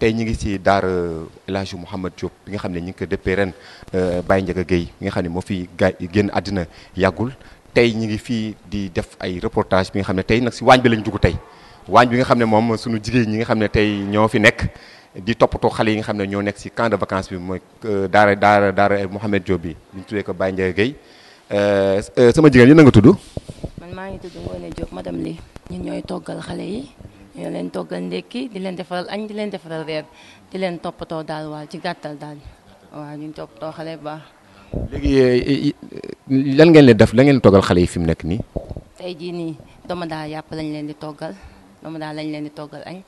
tey ñu ngi si daara euh, El Hadj Mouhamed Diop bi nga xam ne ñu ngi ko dëppee ren euh, Baye Ndiaga Guèye bi nga xam ne moo fi ga génn àddina yàggul tey ñu ngi fii di def ay reportage bi nga xam ne tey nag si waañ bi lañ dugg tey waañ bi nga xam ne moom suñu jigéen ñi nga xam ne tey ñoo fi nekk di toppatoo xale yi nga xam ne ñoo nekk si camp de vacances bi mooy daar euh, daar daara Mouhamed Diop bi ñu tuddee ko Baye Ndiaga Guèye sama jigéen yi na nga tudd. man maa ngi tudd Ngoné ñoo leen toggal ndékki di leen defaral añ di leen defaral reer di leen toppatoo daal waaw ci gàttal daal waaw ñu toppatoo xale bu baax. léegi eh, eh, lan ngeen leen def lan ngeen toggal xale yi fi mu nekk nii. tey jii nii doomu yàpp lañ leen di toggal doomu daal lañ leen di toggal añ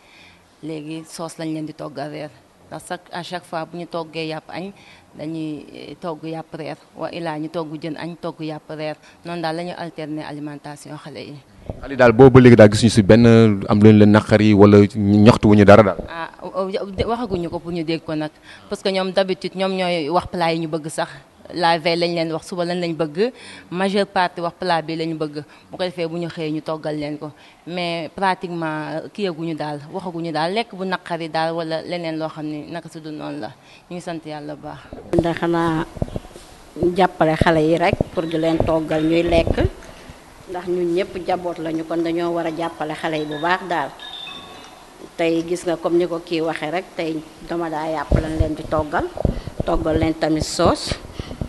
léegi soos lañ leen di toggal reer ndax chaque à chaque fois bu ñu toggee yàpp añ dañuy eh, togg yàpp reer wa ilaa ñu togg jën añ togg yàpp reer noonu daal la ñu alterner alimentation xale yi. Ali daal boobu ba léegi daal gisuñu si benn am lu leen naqari wala ñaxtu wuñu dara daal. Ah, oh, waxaguñu ko pour ñu dégg ko nag parce que ñoom d'habitude ñoom ñooy wax plat yi ñu bëgg sax la veille lañ leen wax suba lañ lañ bëgg majeure partie wax plat bi lañ bëgg bu ko defee bu ñu xëyee ñu toggal leen ko mais pratiquement kiyaguñu daal waxaguñu daal lekk bu naqari daal wala leneen loo xam ne naka su dul noonu la ñu ngi sant yàlla bu baax. ndax jàppale xale yi rek pour di leen toggal ñuy lekk. ndax ñun ñëpp jaboot lañu kon dañoo wara jappalé xalé yi bu baax daal tay gis nga comme ni ki kii rek tay dama da yàpp lan leen di togal togal leen tamit soos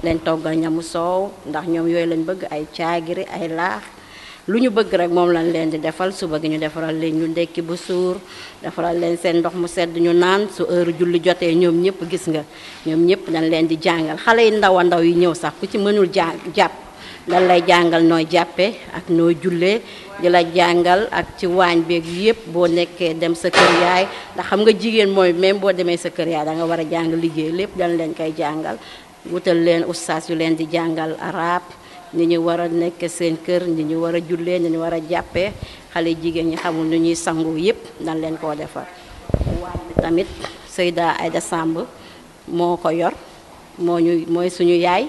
leen togal ñamu soow ndax ñom yoy lañ bëgg ay caagiri ay laax luñu bëgg rek mom lan leen di defal suba bëgg ñu defaral leen ñu ndekki bu suur defaral leen seen ndox mu sedd ñu naan su heure julli jotee ñom ñëpp gis nga ñom ñëpp dañ leen di jangal xalé yi ndaw ndaw yi ñëw sax ku ci mënul japp lan lay jàngal nooy jàppe ak nooy jullee di la jàngal ak ci waañ beeg yëpp boo nekkee dem sa kër yaay ndax xam nga jigéen mooy même boo demee sa kër yaay danga war a jàng liggéey lépp dañ leen koy jàngal wutal leen ustaas yu leen di jàngal arab ni ñu war a nekk seen kër ni ñu war a jullee ni ñu war a jàppe xale jigéen ñi xamul nu ñuy sangu yëpp dañ leen koo defar tamit Seyda Aïda moo ko yor moo ñu mooy suñu yaay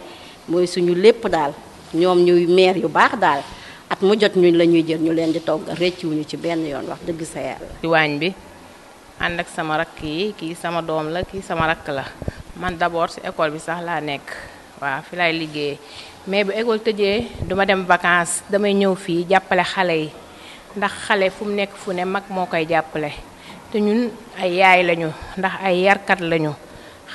mooy suñu lépp daal ñoom ñuy maire yu baax daal at mu jot ñu lañuy jël ñu leen di togg ñu ci benn yoon wax dëgg sa yàlla ci waañ bi ànd ak sama rakk yi ki sama doom la kii sama rakk la man d'abord si école bi sax laa nekk waaw fi lay liggéey mais bu école tëjee duma dem vacances damay ñëw fii jàppale xale yi ndax xale fu mu nekk fu ne mag moo koy jàppale te ñun ay yaay lañu ndax ay yarkat lañu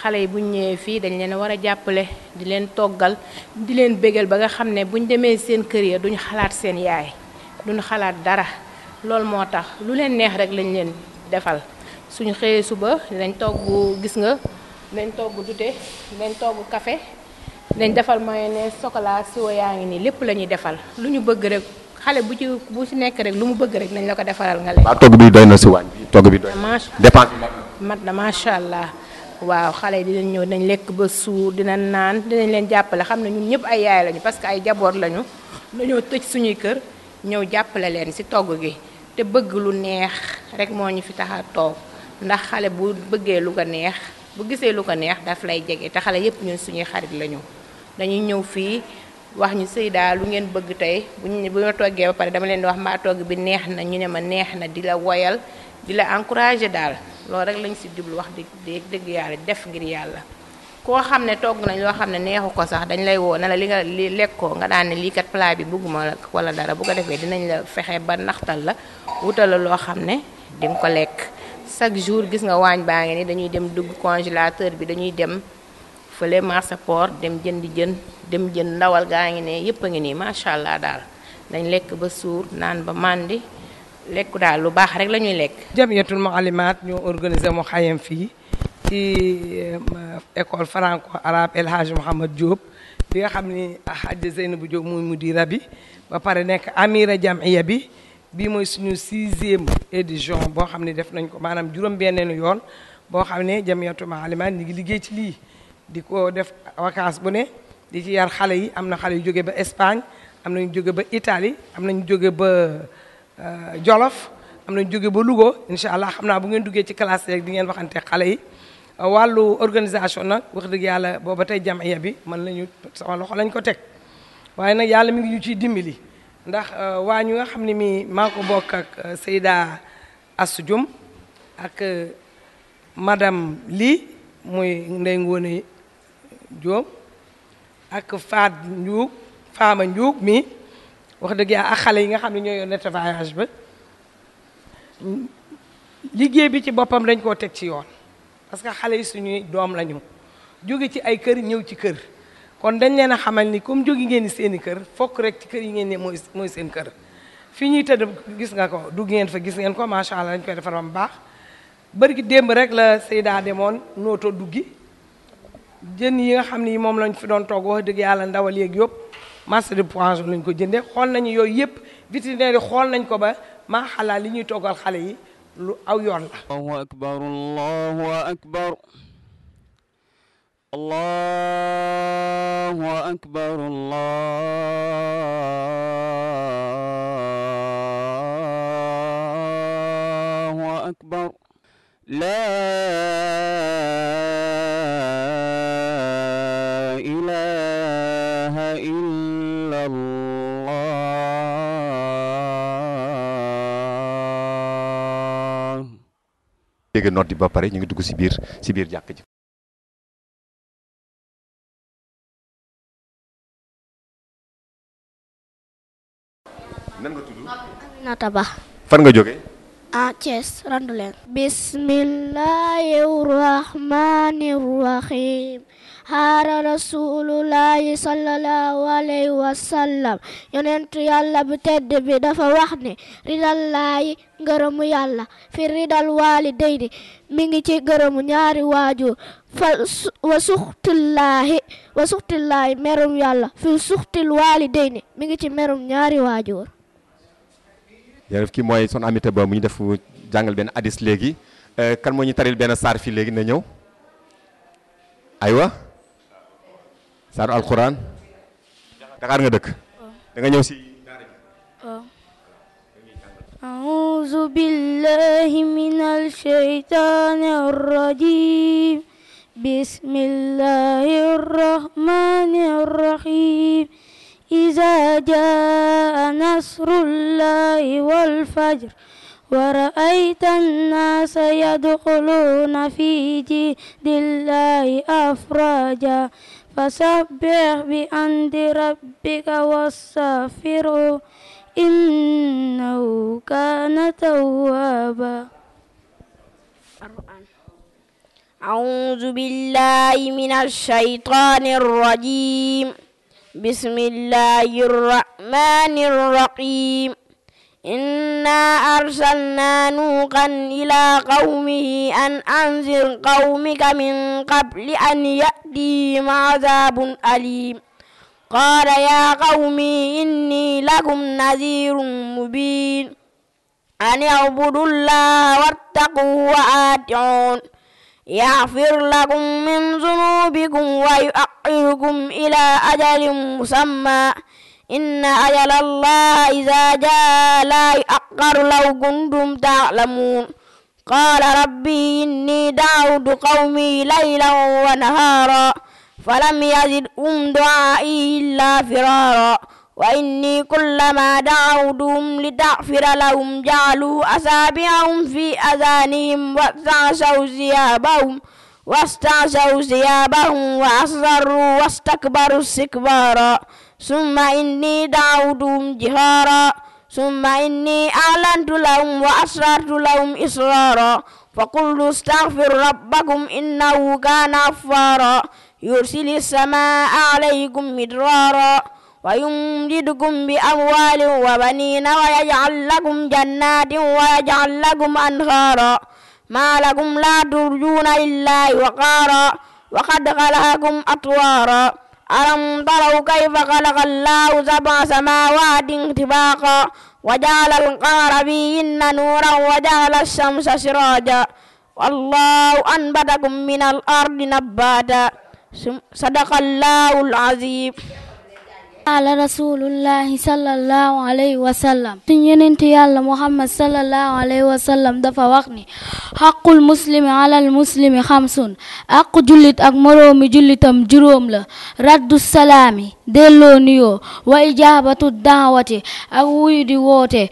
xale yi buñ ñëwee fii dañ leen war a jàppale di leen toggal di leen bégal ba nga xam ne buñ demee seen kër ya duñ xalaat seen yaay duñ xalaat dara lool moo tax lu leen neex rek lañ leen defal suñu xëyee suba dinañ togg gis nga dinañ togg dute dinañ togg café dinañ defal mayonnaise chocolat siwa yaa ngi nii lépp la ñuy defal lu ñu bëgg rek xale bu ci bu ci nekk rek lu mu bëgg rek nañ la ko defaral nga lekk. ba togg bi doy na si waañ bi togg bi doy na dépense mat na macha allah waaw xale di dinañ ñëw dinañ lekk ba suur dinañ naan dinañ leen jàppale xam ne ñun ñëpp ay yaay lañu parce que ay jaboot lañu dañoo tëj suñuy kër ñëw jàppale leen si togg gi te bëgg lu neex rek moo ñu fi tax toog ndax xale bu bëggee lu ga neex bu gisee lu ko neex daf lay jege te xale yëpp ñun suñuy xarit lañu dañuy ñëw fii wax ñu seyda lu ngeen bëgg tey buñ bu ma toggee ba pare dama leen di wax mbaa togg bi neex na ñu ne ma neex na di la woyal di la encourager daal loolu rek lañ si jublu wax dëgg dëgg yàlla def ngir yàlla koo xam ne togg nañ loo xam ne neexu ko sax dañ lay woo na la li nga li lekkoo nga daan ne lii kat plat bi bëgguma la wala dara bu ko defee dinañ la fexe ba naxtal la wutal la loo xam ne di ko lekk chaque jour gis nga waañ baa ngi ni dañuy dem dugg congélateur bi dañuy dem fële marché port dem jëndi jën dem jën ndawal gaa ngi ne yépp a ngi nii macha allah daal dañ lekk ba suur naan ba màndi lekku daal lu baax rek lañuy ñuy lekk. jamiyatul muallimat ñu organiser mo xayam fi ci école franco arabe El Hadj mohammed Diop bi nga xamni Hadj zainabu Diop moy mudira bi ba pare nek amira jamiya bi bi moy suñu 6 6e édition bo xamni def nañ ko manam juróom-benneelu yoon bo xamni ne jamiyatul muallimat ñi ngi liggéey ci li di ko def vacance bu ne di ci yar xale yi amna xale yu joggé ba Espagne amna ñu joggé ba Italie amna ñu joggé ba. Euh, Jolof am na jóge ba Louga incha allah xam naa bu ngeen duggee ci classe rek di ngeen waxante xale yi euh, wàllu organisation nag wax dëgg yàlla booba tey jamiya bi man lañu sama loxo lañ ko teg waaye nag yàlla mi ngi ñu ciy dimbili ndax euh, waa ñu nga xam ne mii maa ko bokk ak Seyda Assou Dioum ak madam lii muy Ndey Ngoone Diop ak Faat Ndiouk Faama Ndiouk mi wax dëgg yaa ak yi nga xam ne ñoo yor net voyage ba liggéey bi ci boppam dañ koo teg ci yoon parce que xale yi suñuy doom lañu jóge ci ay kër ñëw ci kër kon dañ leen a xamal ni comme jóge ngeen ni seen kër fokk rek ci kër yi ngeen ne mooy seen kër fi ñuy tëdd gis nga ko dugg ngeen fa gis ngeen ko macha allah dañ koy defar ba mu baax bërgi démb rek la Seyda demoon nooto duggi jën yi nga xam ni lañ fi doon togg wax dëgg yàlla ndawal yeeg yëpp masse de poisson lañ ko jëndé xol nañ yoy yëpp vétérinaire xol nañ ko ba ma xala li ñuy togal xale yi lu aw yoon la allahu akbar allahu akbar allahu akbar allahu akbar la déggee di ba pare ñu ngi dugg ci biir ci biir jàkk ji nan nga tudd Aminata Ba fan nga jóge ah ties randu leen bismillahir rahmanir rahim xaara rasulullahi sallallahu alayhi wa yonentu yàlla bu tedd bi dafa wax ne ridallahi ngërëmu yàlla fi ridal walidayni mi ngi ci ngërëmu ñaari waajur fa wa suxtillaahi wa merum yàlla fi suxtil walidayni mi ngi ci merum ñaari waajur jërëjëf mooy son amité ba mu ñu def jàngal benn hadis léegi kan moo ñu taril benn saar fii léegi na ñëw saaru alxuraan Dakar nga dëkk da nga ñëw si daara ji a'uuzu billahi minal shaytaanir rajiim bismillahir rahmaanir rahiim izaa jaa'a nasrullahi wal fajr ورأيت الناس يدخلون في دين الله أفواجا فسبح بأمد ربك واستغفره إنه كان توابا أعوذ بالله من الشيطان الرجيم بسم الله الرحمن الرحيم إنا أرسلنا نوقا إلى قومه أن أنذر قومك من قبل أن يأتيهم عذاب أليم قال يا قوم إني لكم نذير مبين أن اعبدوا الله واتقوا وآتعون يغفر لكم من ذنوبكم ويؤخركم إلى أجل مسمى إن أجل الله إذا جاء لا يؤخر لو كنتم تعلمون قال ربي إني دعوت قومي ليلا ونهارا فلم يزدهم دعائي إلا فرارا وإني كلما دعوتهم لتغفر لهم جعلوا أصابعهم في أذانهم واستعصوا ثيابهم واستعصوا ثيابهم وأصروا واستكبروا استكبارا ثم إني دعوتهم جهارا ثم إني أعلنت لهم وأسررت لهم إسرارا فقلت استغفر ربكم إنه كان غفارا يرسل السماء عليكم مدرارا ويمددكم بأموال وبنين ويجعل لكم جنات ويجعل لكم أنهارا ما لكم لا ترجون إلا وقارا وقد خلقكم أطوارا ألم تروا كيف خلق الله سبع سماوات طباقا وجعل القمر فيهن نورا وجعل الشمس سراجا والله أنبتكم من الأرض نباتا صدق الله العظيم ala rasulullahi sallallahu alayhi wa sallam ci yenenti yàlla muhammad sallallahu alayhi wa sallam dafa wax ni xaqul muslimi alal muslimi xamsun aqu jullit ak moroomi jullitam juróom la raddu salaami delloo nuyoo wa ijaabatu daawati ak wuyu di woote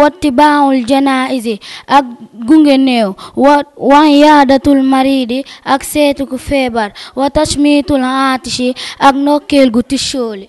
watti baawul janaaisi ak gunge néew wa wa yaadatul maridi ak seetu ku feebar wa tashmiitul aatishi ak nokkeel gu tishooli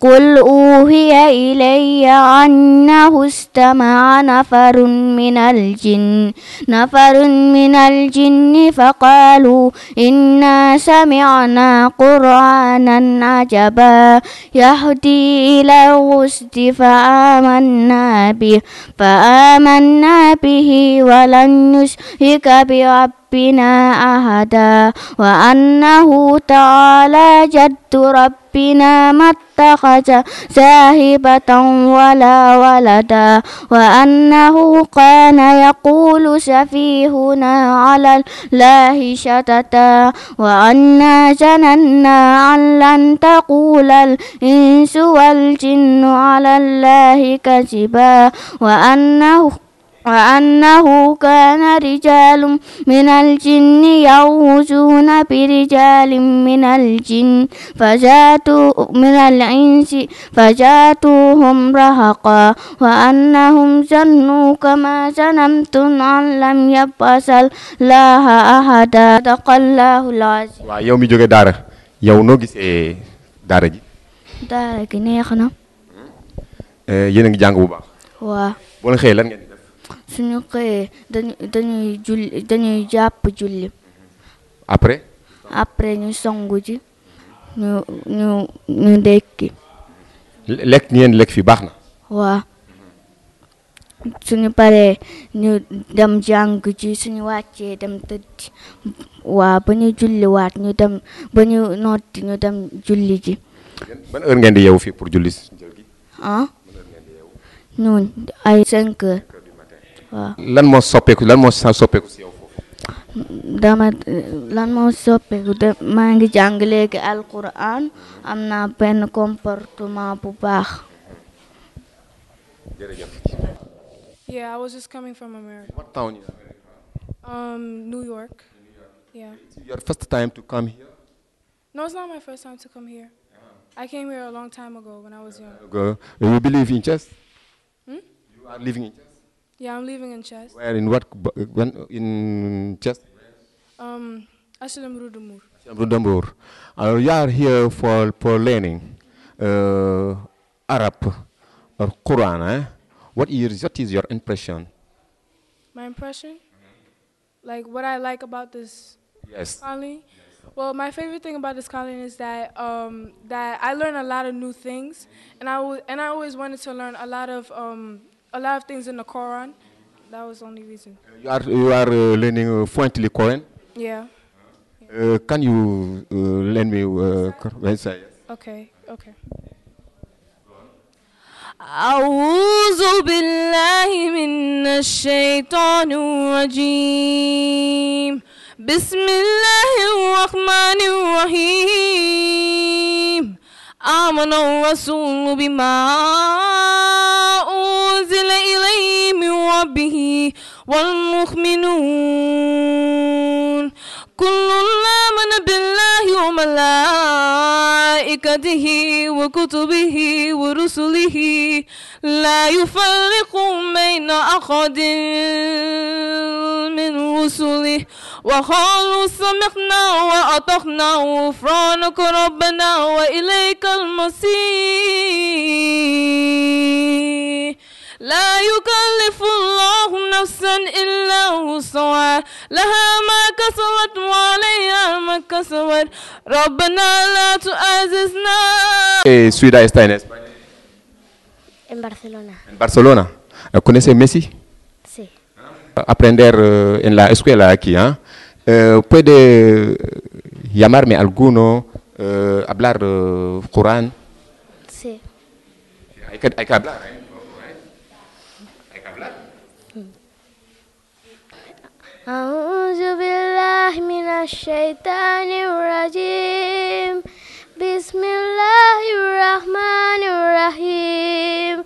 قل أوهي إلي أنه استمع نفر من الجن نفر من الجن فقالوا إنا سمعنا قرآنا عجبا يهدي إلى الرشد فآمنا به فآمنا به ولن نشرك بربنا ربنا أهدا وأنه تعالى جد ربنا ما اتخذ ساهبة ولا ولدا وأنه كان يقول سفيهنا على الله شتتا وأنا جننا أن لن تقول الإنس والجن على الله كذبا وأنه وأنه كان رجال من الجن يوزون برجال من الجن فجاتوا من الإنس فجاتوهم رهقا وأنهم جنوا كما جنمتم أن لم يبعث الله أحدا صدق الله العظيم waaw yow mi jóge daara yow noo gisee daara ji daara gi neex na eh, yéen a ngi jàng bu baax waaw boo leen xëyee suñu xëyee dañuy julli dañuy jàpp julli après après ñu songu ji ñu ñu ñu ndekki Lek lek fi bagna? wa suñu paree ñu dem jang ci suñu wàccee dem tëdd wa ba ñu julli waat ñu dem ba ñu ñu dem julli ji ban heure ngeen di fi pour julli ah ñun ay 5 heures waaw lan moo soppeeku lan moo soppeeku si yow foofu. dama lan moo soppeeku de maa ngi jàng léegi alquran am naa comportement bu baax. yeah, I was just coming from America. What town in America? Um, New York. Yeah. It's your first time to come here? No, it's not my first time to come here. I came here a long time ago when I was young. Ago. You believe in chess Hmm? You are living in church? Yeah, I'm living in Chest. Where in what? When in Chest? Um, Aslam Rudamur. Rudamur. Uh, you are here for for learning uh, Arab or uh, Quran. Eh? What is what is your impression? My impression, like what I like about this. Yes. Colony? Well, my favorite thing about this college is that um, that I learn a lot of new things, and I and I always wanted to learn a lot of um, a lot of things in the Quran. That was the only reason. you are you are uh, learning uh, fluently Quran. Yeah. yeah. Uh, can you lend me website? Okay. Okay. أعوذ بالله من الشيطان الرجيم بسم الله الرحمن الرحيم آمن الرسول بما ربه والمؤمنون كل آمن بالله وملائكته وكتبه ورسله لا يفرق بين أحد من رسله وقالوا سمعنا وأطعنا غفرانك ربنا وإليك المصير لا يكلف الله نفسا إلا وسعها لها ما كسبت وعليها ما كسبت ربنا لا تؤاخذنا eh, su ira está en España en Barcelona en Barcelona ¿conoce Messi? sí ah, aprender uh, en la escuela aquí ¿ah? ¿eh? Uh, ¿puede eh, llamarme alguno uh, hablar Corán? sí hay que, hay que hablar ¿eh? A'udzu billahi minasyaitonir rajim. Bismillahirrahmanirrahim.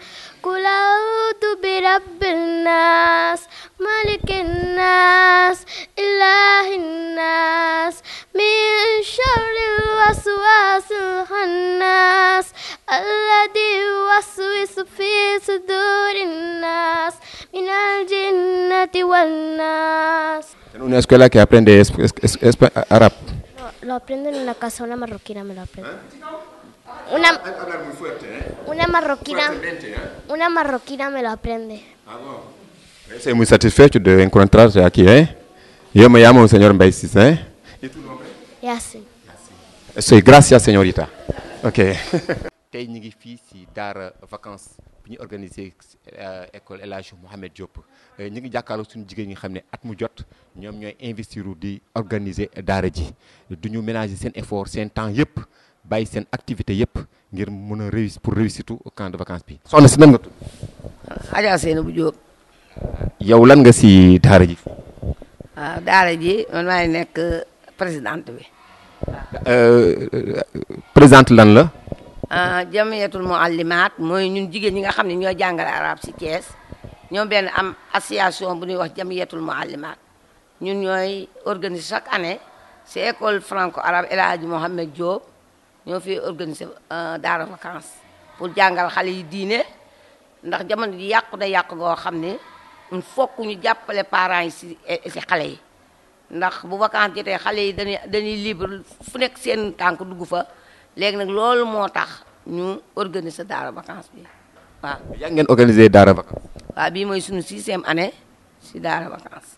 Qul a'udzu birabbin nas, malikin nas, ilahin nas, min syarril waswasil khannas, alladzi yuwaswisu fi sudurin nas, minal jinnati wan ¿En una escuela que aprende es, es, árabe? Lo, lo, en una casa, una marroquina me lo aprende. Una, ¿eh? Una marroquina, ¿eh? una marroquina me lo aprende. Ah, es muy satisfecho de encontrarse aquí, ¿eh? Yo me llamo señor Mbaisis, ¿eh? ¿Y tu nombre? Soy gracias, señorita. Ok. ngi bi ñu organisé euh, école Elage Mohamed Diop euh, ñi ngi jàkkaarloo suñu jigéen ñi xamné at mu jot ñom ñoy investir di organiser dara ji duñu ménager seen effort seen temps yépp bay seen activité yépp ngir mëna réussir pour réussir tout camp de vacances bi. soxna si nan nga tudd. Adja Seyna bu Diop. yow lan nga ci dara ji. waaw ah, dara ji man maay nek présidente bi. euh présidente lan la. Ah, jamiyatul muallimaat mooy ñun jigéen ñi nga xam ne ñoo jàngale arab si Thiès ñoom benn am association bu ñuy wax jamiyatul muallimaat ñun ñooy organiser chaque année si école franco arabe El Hadji Mohamed Diop ñoo fi organiser euh, daara vacances pour jàngal xale yi diine ndax jamono ji yàqu na yàqu goo xam ne il ñu jàppale parent yi si eh, si xale yi ndax bu vacances jotee xale yi dañuy dañuy libre fu nekk seen tànk dugg fa léegi nag loolu moo tax ñu organiser daara vacances bi waaw. yaa ngeen organiser daara vacances. waaw bii mooy suñu sixième année si daara vacances.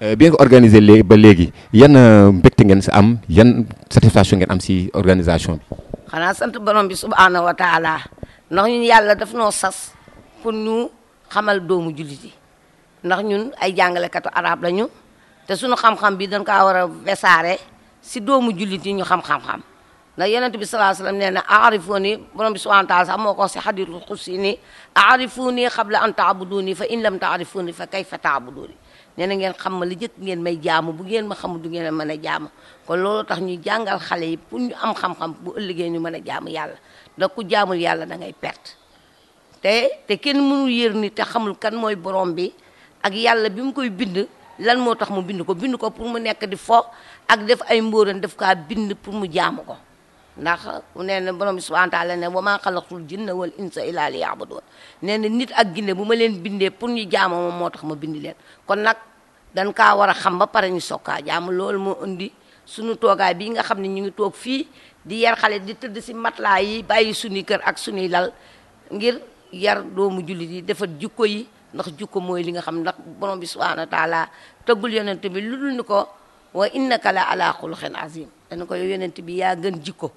Euh, bi ngeen ko organiser léegi ba léegi yan euh, mbégte ngeen si am yan satisfaction ngeen am si organisation bi. xanaa sant borom bi subhaanahu wa taala ndax ñun yàlla daf noo sas pour ñu xamal doomu jullit yi ndax ñun ay jàngalekatu arab lañu te sunu xam-xam bi dañ kaa war a wesaare si doomu jullit yi ñu xam-xam-xam. ndax yonent bi salaa sallam nee na aarifuni borom bi subhanahu wa taala sax moo ko wax si xadiisul xudsi ni aarifuni xabla an taabuduni fa in lam taarifuni fa kayfa taabuduni nee na ngeen xam ma li jëkk ngeen may jaamu bu ngeen ma xamul du ngeen mën a jaamu ko loolu tax ñu jàngal xale yi pour ñu am xam-xam bu ëllëgee ñu mën a jaamu yàlla da ku jaamul yàlla da ngay perte te te kenn mu yër ni te xamul kan mooy borom bi ak yàlla bi mu koy bind lan moo tax mu bind ko bind ko pour mu nekk di fo ak def ay mbóoran def kaa bind pour mu jaamu ko ndax nee na borom subhanahu wa taala ne wa maa jinna wal insa illa liya'budun nee na nit ak ginne bu ma leen bindee pour ñu jaamoo moom moo tax ma bindi leen kon nag dañ kaa war a xam ba pare ñu sokkaa jaamu lool moo indi sunu toogaay bi nga xam ne ñu ngi toog fii di yar xale di tëdd si matelas yi bàyyi suñuy kër ak suñuy lal ngir yar doomu jullit yi defar jukko yi ndax jukko mooy li nga xam ndax borom bi subhanahu wa taala tëggul yonent bi lu dul ni ko wa innaka la ala xuluqin azim dana ko yow bi yaa gën jikko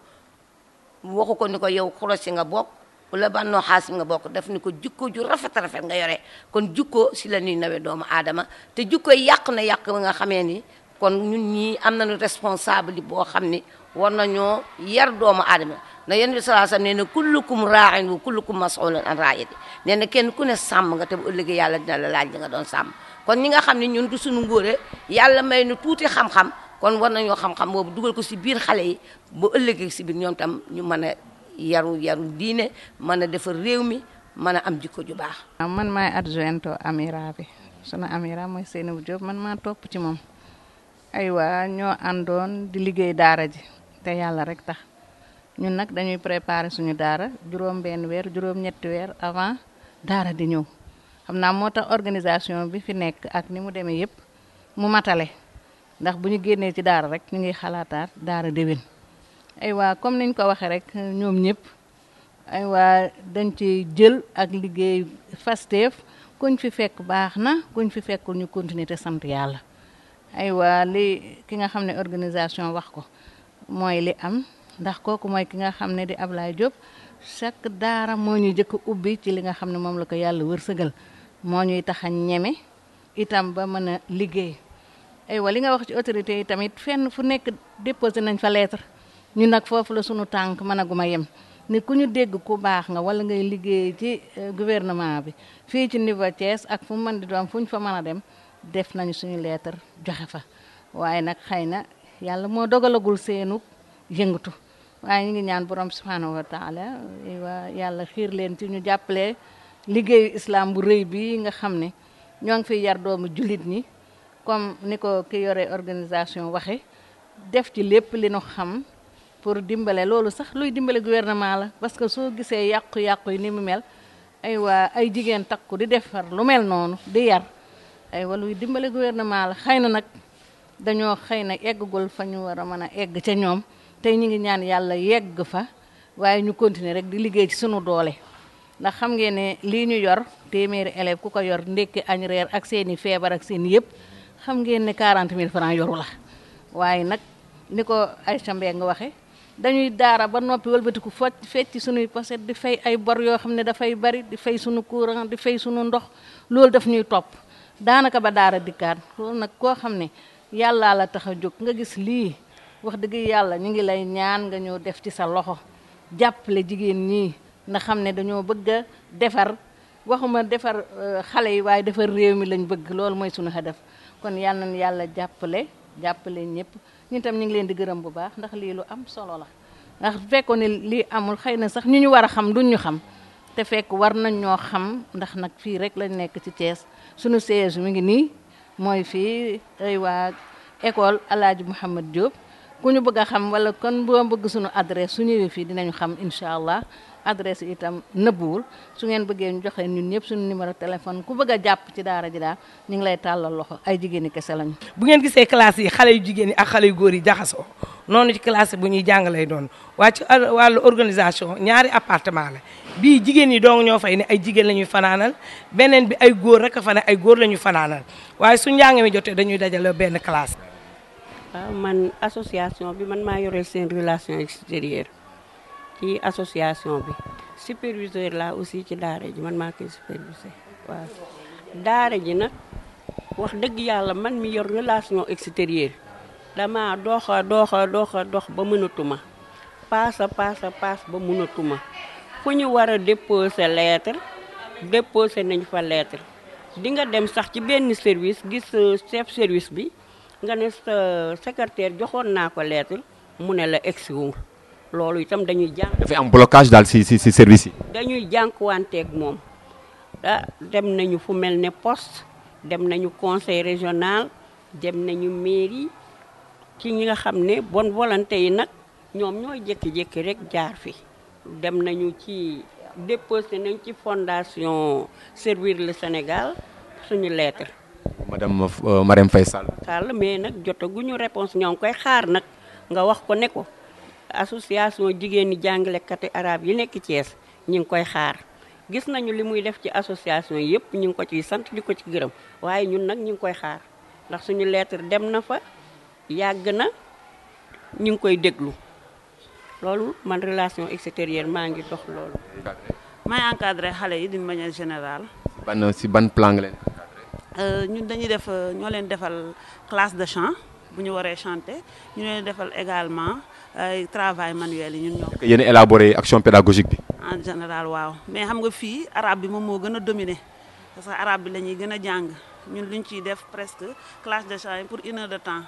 waxu ko ni ko yow Xuraysi nga bokk wala Banu Haasim nga bokk daf ni ko jikko ju rafet rafet nga yore kon jikko si la ñuy nawe doomu aadama te jikko na yàq ba nga xamee ni kon ñun ñii am nañu responsable boo xam ni war nañoo yar doomu aadama ndax yonent bi sallallahu alayhi wasallam nee na kullukum raa'in wa kullukum mas'ulun an raa'iyati nee na kenn ku ne sàmm nga te bu ëllëgee yàlla dina la laaj li nga doon sàmm kon ñi nga xam ne ñun du suñu ngóore yàlla may nu tuuti kon war nañoo xam-xam boobu dugal ko si biir xale yi bu ëllëgee si biir ñoom tam ñu mën a yaru yaru diine mën a defar réew mi mën a am jikko ju baax. am ah, man maay adjointo amira bi sunu amira mooy Seynabou Diop man maa topp ci moom aywa ñoo àndoon di liggéey daara ji te yàlla rek tax ñun nag dañuy préparer suñu daara juróom benn weer juróom ñetti weer avant daara di ñëw xam naa moo tax organisation bi fi nekk ak ni mu demee yëpp mu matale. ndax bu ñu génnee ci daara rek ñu ngiy xalaataat daara déwén ay waa comme niñ ko waxee rek ñoom ñëpp ay waa dañ ci jël ak liggéey fasteef kuñ fi fekk baax na kuñ fi fekkul ñu continuer te sant yàlla ay waa li ki nga xam ne organisation wax ko mooy li am ndax kooku mooy ki nga xam ne di Ablaye Diop chaque daara moo ñuy jëkk ubbi ci li nga xam ne moom la ko yàlla wërsëgal moo ñuy tax a ñeme itam ba mën a liggéey aywa li nga wax ci autorité yi tamit fenn fu nekk déposé nañ fa lettre ñu nag foofu la suñu tànk mën a gu yem nit ku ñu dégg ku baax nga wala ngay liggéey ci euh, gouvernement bi fii ci niveau Thiès ak fu mu mën di doon fu ñu fa mën a dem def nañu suñu leetar joxe fa waaye nag xëy na yàlla moo dogalagul seenu yëngatu waaye ñu ngi ñaan borom subhanahu wa yàlla xiir leen ci ñu jàppale liggéeyu islam bu rëy bi nga xam ne ñoo ngi fiy yar doomu julit ñi comme ni ko ki yore organisation waxe def ci lépp li nu xam pour dimbale loolu sax luy dimbale gouvernement la parce que soo gisee yàqu-yàqu yi ni mu mel ay waa ay jigéen takk takku di defar lu mel noonu di yar ay wa luy dimbale gouvernement la xëy na nag dañoo xëy na eggagul fa ñu war a mën a egg ca ñoom tey ñu ngi ñaan yàlla yegg fa waaye ñu continuer rek di liggéey ci suñu doole ndax xam ngeen ne lii ñu yor téeméeri élève ku ko yor ndékki añ reer ak seeni feebar ak seen yëpp xam ngeen ne quarante mille franc yoru la waaye nag ni ko ay chambe nga waxe dañuy daara ba noppi wëlbatiku fo fecc suñuy poset di fay ay bor yoo xam ne dafay bari di fay suñu courant di fay suñu ndox loolu daf ñuy topp daanaka ba daara dikkaat loolu nag koo xam ne yàllaa la tax a jóg nga gis lii wax dëgg yàlla ñu ngi lay ñaan nga ñëw def ci sa loxo jàppale jigéen ñii na xam ne dañoo bëgg a defar waxuma defar euh, xale yi waaye defar réew mi lañ bëgg loolu mooy suñu hadaf kon yàlla na yàlla jàppale jàppale ñëpp ñun tam ñu ngi leen di gërëm bu baax ndax lii lu am solo la ndax fekkoon ne lii amul xëy na sax ñu ñu war a xam duñ ñu xam te fekk war nañ ñoo xam ndax nag fii rek lañ nekk ci Thiès suñu siège mi ngi nii mooy fii ay waa école El Hadj Mouhamad Diop. ku ñu bëgg a xam wala kon boo bëgg suñu adresse su ñëwee fii dinañu xam incha allah adresse itam nëbbuwul su ngeen bëggee ñu joxe ñun ñëpp suñu numéro téléphone ku bëgg a jàpp ci daara ji daal ñu ngi lay tàllal loxo ay jigéen yi kese lañu. bu ngeen gisee classe yi xale yu jigéen yi ak xale yu góor yi jaxasoo noonu ci classe bu ñuy jàng lay doon waa ci wàllu organisation ñaari appartement la bii jigéen yi dong ñoo fay ne ay jigéen lañuy ñuy fanaanal beneen bi ay góor rek a fa ne ay góor lañuy ñuy fanaanal waaye su njàng mi jotee dañuy dajale benn classe. waaw ah, man association bi man maa yoreel seen relation extérieure ci association bi superviseur la aussi ci daara ji man maa koy superviseur waaw daara ji nag wax dëgg yàlla man mi yor relation extérieure dama doxa doxa doxa dox ba mënatuma paasa paasa paas ba mënatuma fu ñu war a déposer lettre déposer nañ fa lettre di nga dem sax ci benn service gis euh, chef service bi nga ne sa joxoon naa ko lettre mu ne la egsiwul loolu itam dañuy jànk dafay am blocage daal si si service yi. dañuy jànkuwanteeg moom ah dem nañu fu mel ne poste dem nañu conseil régional dem nañu mairie ci ñi nga xam ne bon volonté yi nag ñoom ñooy jëkki jékki rek jaar fi dem nañu ci déposé nañ ci fondation Servir le Sénégal suñu lettre. madame euh, Marème Faye Sall. Sall mais nag ñu réponse ñoo ngi koy xaar nag nga wax ko ne ko association jigéen ñi jàngalekati araab yi nekk Thiès ñu ngi koy xaar gis nañu li muy def ci association yëpp ñu ngi ko ciy sant di ko ci gërëm waaye ñun nag ñu ngi koy xaar ndax suñu lettre dem na fa yàgg na ñu ngi koy déglu loolu man relation extérieure maa ngi dox loolu. may encadré xale yi d'une manière générale. ban si ban plan nga leen. Euh, ñun dañuy def euh, ñoo leen defal classe de chant bu ñu waree chanter ñu leen defal également ay travail manuel yi ñun ñoo. yéen a élaboré action pédagogique bi. en général waaw mais xam nga fii arabe bi moom moo gën a dominé parce que arabe bi la ñuy gën a jàng ñun luñ ciy def presque classe de chant pour une heure de temps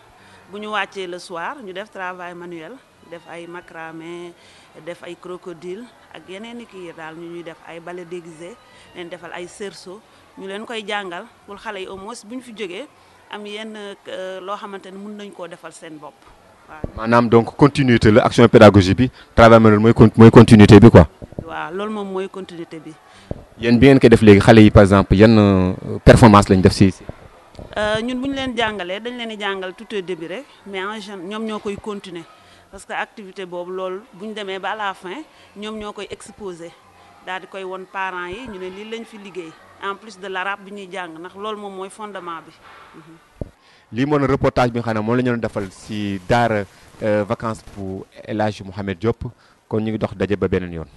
bu ñu wàccee le soir ñu def travail manuel def ay macramé def ay crocodile ak yeneen i kii daal ñu ñuy def ay ballet déguisé leen defal ay cerceau ñu leen koy jàngal pour xale yi au moins bu ñu fi jógee am yenn euh, loo xamante ne mën nañ koo defal seen bopp waaw. maanaam donc continuité la action pédagogique bi travail manuel mooy mooy continuité bi quoi. waaw loolu moom mooy continuité bi. yéen bi ngeen koy def léegi xale yi par exemple yan euh, performance lañ def si. Euh, ñun bu ñu leen jàngalee dañ leen di jàngal tout au début rek mais en général ñoom ñoo koy continuer parce que activité boobu loolu bu ñu demee ba à la fin ñoom ñoo koy exposé daal di koy won parents yi ñu ne lii lañ fi liggéey en plus de l'arabe bi ñuy nak ndax loolu moom mooy fondement bi. Mhm. lii moon reportage bi nga xam ne moom la ñu defal si daara euh, vacances pour elage Mohamed Mouhamed Diop kon ñu ngi dox daje ba beneen yoon.